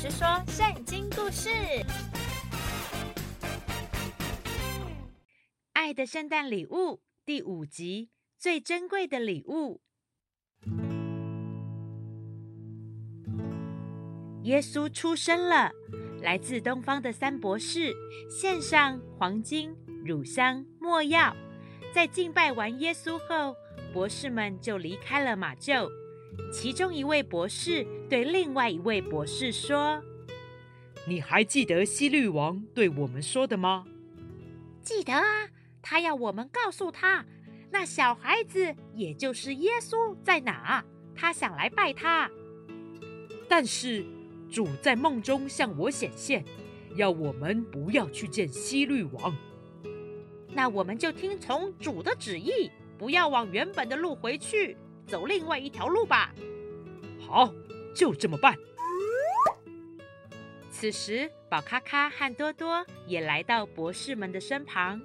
是說聖經故事，《愛的聖誕禮物》第五集《最珍貴的禮物》。耶穌出生了，來自東方的三博士獻上黃金、乳香、沒藥。在敬拜完耶穌後，博士們就離開了馬廄。其中一位博士對另外一位博士說：“你還記得希律王對我們說的嗎？記得啊，他要我們告訴他那小孩子，也就是耶穌在哪，他想來拜他。但是主在夢中向我顯現，要我們不要去見希律王。那我們就聽從主的旨意，不要往原本的路回去。”走另外一條路吧。好，就這麼辦。此時，寶咖咖和多多也來到博士們的身旁。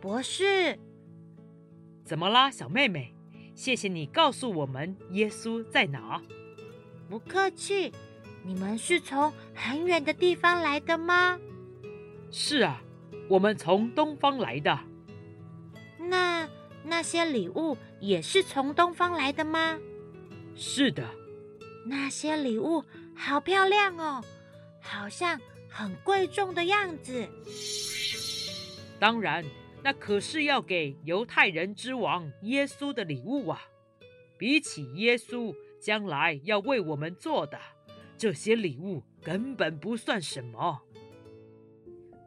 博士，怎麼啦，小妹妹？謝謝你告訴我們耶穌在哪。不客氣。你們是從很遠的地方來的嗎？是啊，我們從東方來的。那。那些禮物也是從東方來的嗎？是的。那些禮物好漂亮哦，好像很貴重的樣子。當然，那可是要給猶太人之王耶穌的禮物啊！比起耶穌將來要為我們做的這些禮物，根本不算什麼。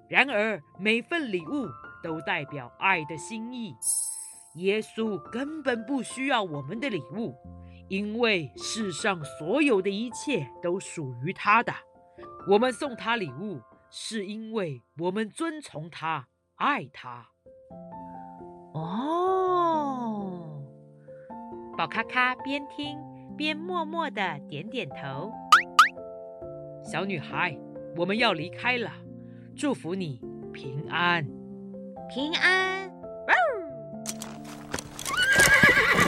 然而，每份禮物都代表愛的心意。耶穌根本不需要我們的禮物，因為世上所有的一切都屬於他的。我們送他禮物，是因為我們遵從他，愛他。哦，寶咖咖邊聽邊默默的點點頭。小女孩，我們要離開了，祝福你平安，平安。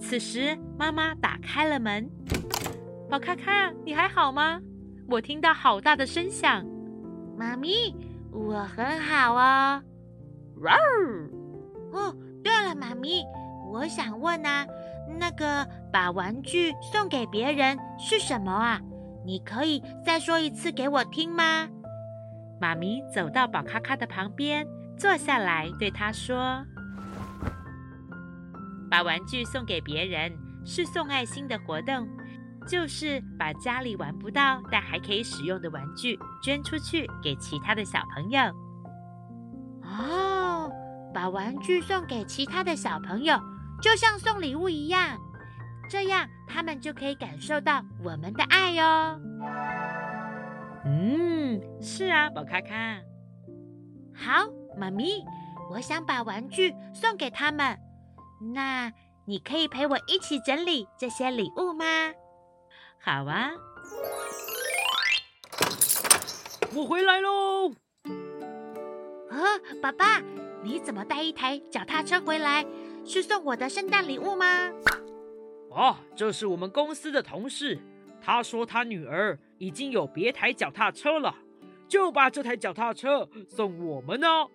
此時，媽媽打開了門。寶咖咖，你還好嗎？我聽到好大的聲響。媽咪，我很好、哦、啊。哦，對了，媽咪，我想問啊，那個把玩具送給別人是什麼啊？你可以再說一次給我聽嗎？媽咪走到寶咖咖的旁邊，坐下來對他說。把玩具送給別人是送愛心的活動，就是把家裡玩不到但還可以使用的玩具捐出去給其他的小朋友。哦，把玩具送給其他的小朋友，就像送禮物一樣，這樣他們就可以感受到我們的愛哦。嗯，是啊，寶咖咖。好，媽咪，我想把玩具送給他們。那你可以陪我一起整理這些禮物嗎？好啊，我回來嘍。啊、哦，爸爸，你怎麼帶一台腳踏車回來？是送我的聖誕禮物嗎？哦，這是我們公司的同事，他說他女兒已經有別台腳踏車了，就把這台腳踏車送我們哦。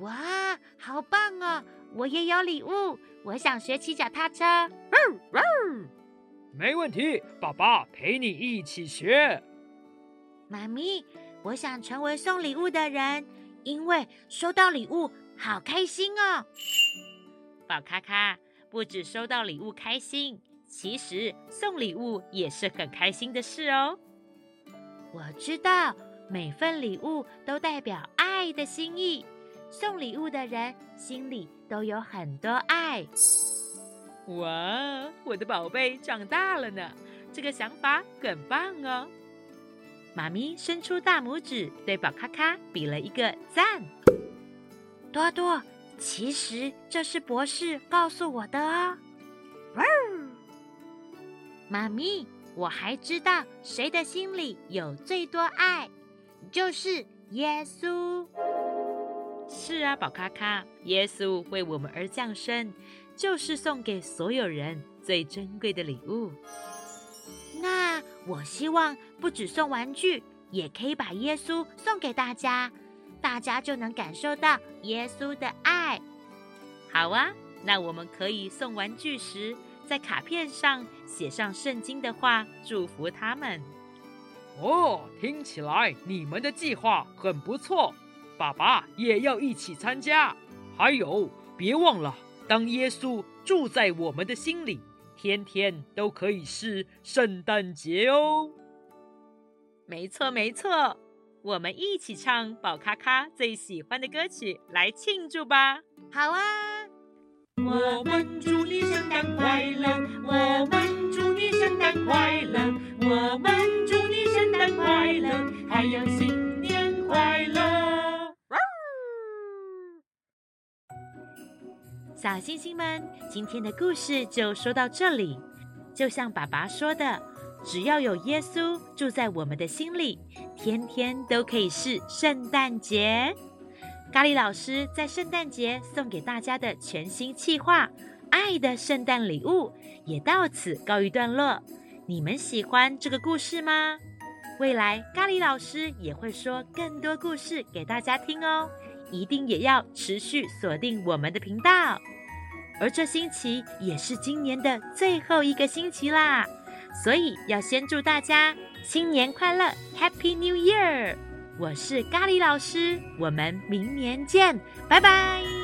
哇，好棒啊、哦！我也有禮物，我想學騎腳踏車。沒問題，爸爸陪你一起學。媽咪，我想成為送禮物的人，因為收到禮物好開心哦。寶咖咖，不止收到禮物開心，其實送禮物也是很開心的事哦。我知道，每份禮物都代表愛的心意。送禮物的人心裡都有很多愛。哇，我的寶貝長大了呢，這個想法很棒哦！媽咪伸出大拇指，對寶咖咖比了一個讚。多多，其實這是博士告訴我的哦。哇哦！媽咪，我還知道誰的心裡有最多愛，就是耶穌。是啊，寶咖咖，耶穌為我們而降生，就是送給所有人最珍貴的禮物。那我希望不只送玩具，也可以把耶穌送給大家，大家就能感受到耶穌的愛。好啊，那我們可以送玩具時，在卡片上寫上聖經的話，祝福他們。哦，聽起來你們的計劃很不錯。爸爸也要一起參加，還有別忘了，當耶穌住在我們的心裡，天天都可以是聖誕節哦。沒錯沒錯，我們一起唱寶咖咖最喜歡的歌曲來慶祝吧。好啊，我們祝你聖誕快樂，我們祝你聖誕快樂，我們祝你聖誕快樂，我們祝你聖誕快樂，還有新。小星星們，今天的故事就說到這裡。就像爸爸說的，只要有耶穌住在我們的心裡，天天都可以是聖誕節。咖喱老師在聖誕節送給大家的全新企劃——《愛的聖誕禮物》也到此告一段落。你們喜歡這個故事嗎？未來咖喱老師也會說更多故事給大家聽哦。一定也要持續鎖定我們的頻道，而這星期也是今年的最後一個星期啦，所以要先祝大家新年快樂，Happy New Year！我是咖喱老師，我們明年見，拜拜。